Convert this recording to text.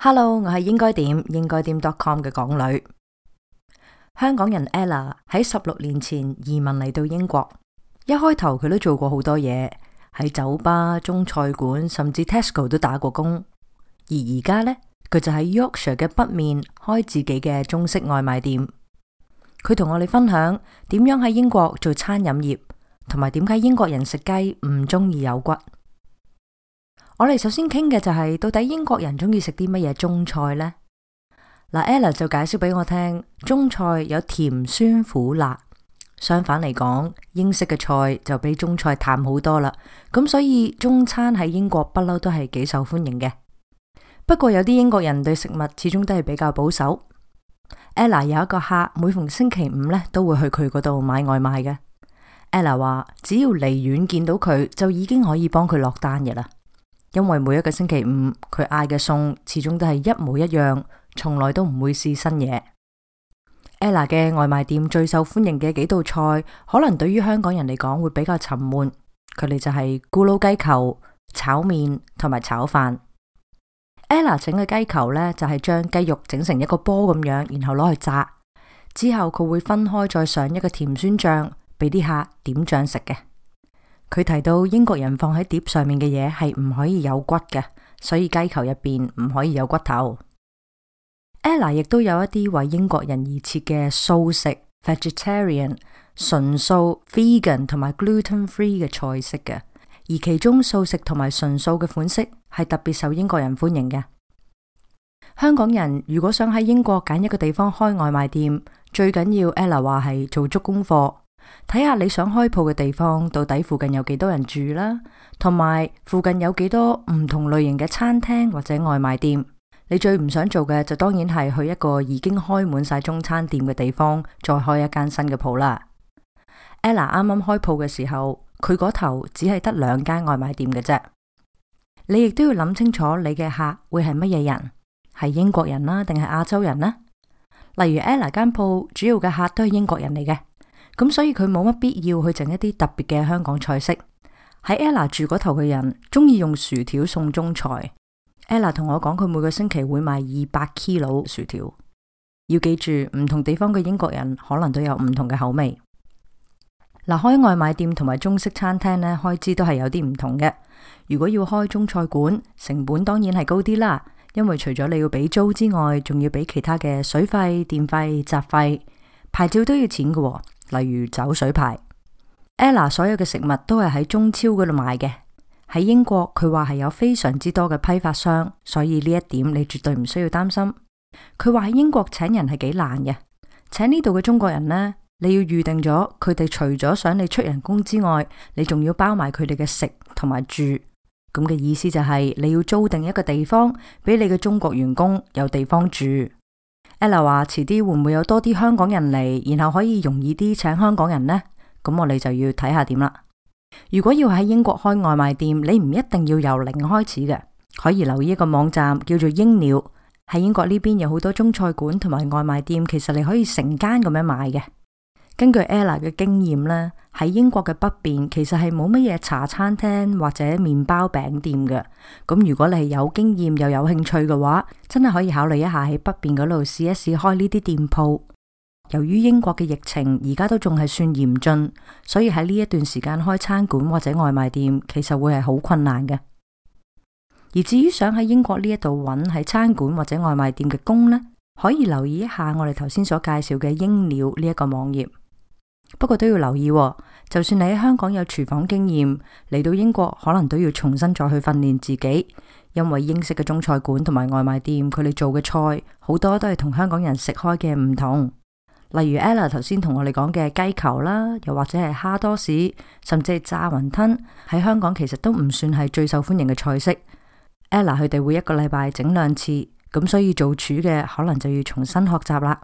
Hello，我係應該點應該點 .com 嘅港女，香港人 Ella 喺十六年前移民嚟到英國，一開頭佢都做過好多嘢，喺酒吧、中菜館甚至 Tesco 都打過工，而而家呢，佢就喺 Yorkshire 嘅北面開自己嘅中式外賣店。佢同我哋分享點樣喺英國做餐飲業，同埋點解英國人食雞唔中意有骨。我哋首先傾嘅就係到底英國人中意食啲乜嘢中菜呢？嗱，Ella 就介紹俾我聽，中菜有甜酸苦辣，相反嚟講，英式嘅菜就比中菜淡好多啦。咁所以中餐喺英國不嬲都係幾受歡迎嘅。不過有啲英國人對食物始終都係比較保守。Ella 有一個客，每逢星期五呢都會去佢嗰度買外賣嘅。Ella 話，只要離遠見到佢就已經可以幫佢落單嘅啦。因為每一個星期五，佢嗌嘅餸始終都係一模一樣，從來都唔會試新嘢。Ella 嘅外賣店最受歡迎嘅幾道菜，可能對於香港人嚟講會比較沉悶。佢哋就係咕嚕雞球、炒麵同埋炒飯。Ella 整嘅雞球呢，就係、是、將雞肉整成一個波咁樣，然後攞去炸。之後佢會分開再上一個甜酸醬，俾啲客點醬食嘅。佢提到英國人放喺碟上面嘅嘢係唔可以有骨嘅，所以雞球入邊唔可以有骨頭。Ella 亦都有一啲為英國人而設嘅素食 （vegetarian）、純素 （vegan） 同埋 gluten-free 嘅菜式嘅，而其中素食同埋純素嘅款式係特別受英國人歡迎嘅。香港人如果想喺英國揀一個地方開外賣店，最緊要 Ella 話係做足功課。睇下你想開鋪嘅地方到底附近有幾多人住啦，同埋附近有幾多唔同類型嘅餐廳或者外賣店。你最唔想做嘅就當然係去一個已經開滿晒中餐店嘅地方再開一間新嘅鋪啦。Ella 啱啱開鋪嘅時候，佢嗰頭只係得兩間外賣店嘅啫。你亦都要諗清楚，你嘅客會係乜嘢人？係英國人啦，定係亞洲人呢？例如，Ella 間鋪主要嘅客都係英國人嚟嘅。咁所以佢冇乜必要去整一啲特別嘅香港菜式。喺 Ella 住嗰頭嘅人，中意用薯條送中菜。Ella 同我講，佢每個星期會賣二百 kilo 薯條。要記住，唔同地方嘅英國人可能都有唔同嘅口味。嗱，開外賣店同埋中式餐廳呢，開支都係有啲唔同嘅。如果要開中菜館，成本當然係高啲啦，因為除咗你要俾租之外，仲要俾其他嘅水費、電費、雜費。牌照都要錢嘅。哦，例如酒水牌。Ella 所有嘅食物都係喺中超嗰度買嘅。喺英國佢話係有非常之多嘅批發商，所以呢一點你絕對唔需要擔心。佢話喺英國請人係幾難嘅，請呢度嘅中國人呢，你要預定咗，佢哋除咗想你出人工之外，你仲要包埋佢哋嘅食同埋住。咁嘅意思就係、是、你要租定一個地方俾你嘅中國員工有地方住。Ella 話遲啲會唔會有多啲香港人嚟，然後可以容易啲請香港人呢？咁我哋就要睇下點啦。如果要喺英國開外賣店，你唔一定要由零開始嘅，可以留意一個網站叫做英鳥，喺英國呢邊有好多中菜館同埋外賣店，其實你可以成間咁樣買嘅。根據 Ella 嘅經驗呢。喺英國嘅北邊，其實係冇乜嘢茶餐廳或者麵包餅店嘅。咁如果你係有經驗又有興趣嘅話，真係可以考慮一下喺北邊嗰度試一試開呢啲店鋪。由於英國嘅疫情而家都仲係算嚴峻，所以喺呢一段時間開餐館或者外賣店，其實會係好困難嘅。而至於想喺英國呢一度搵喺餐館或者外賣店嘅工呢，可以留意一下我哋頭先所介紹嘅英鳥呢一個網頁。不過都要留意喎，就算你喺香港有廚房經驗，嚟到英國可能都要重新再去訓練自己，因為英式嘅中菜館同埋外賣店，佢哋做嘅菜好多都係同香港人食開嘅唔同。例如 Ella 頭先同我哋講嘅雞球啦，又或者係蝦多士，甚至係炸雲吞，喺香港其實都唔算係最受歡迎嘅菜式。Ella 佢哋會一個禮拜整兩次，咁所以做廚嘅可能就要重新學習啦。